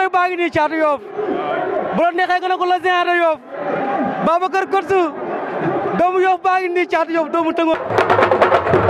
koy baa ngi nii caatu yoof bu la neexee nga ne ko la géant de yoof Babacar Korsu doomu yoof baa ngi nii caatu doomu tëngo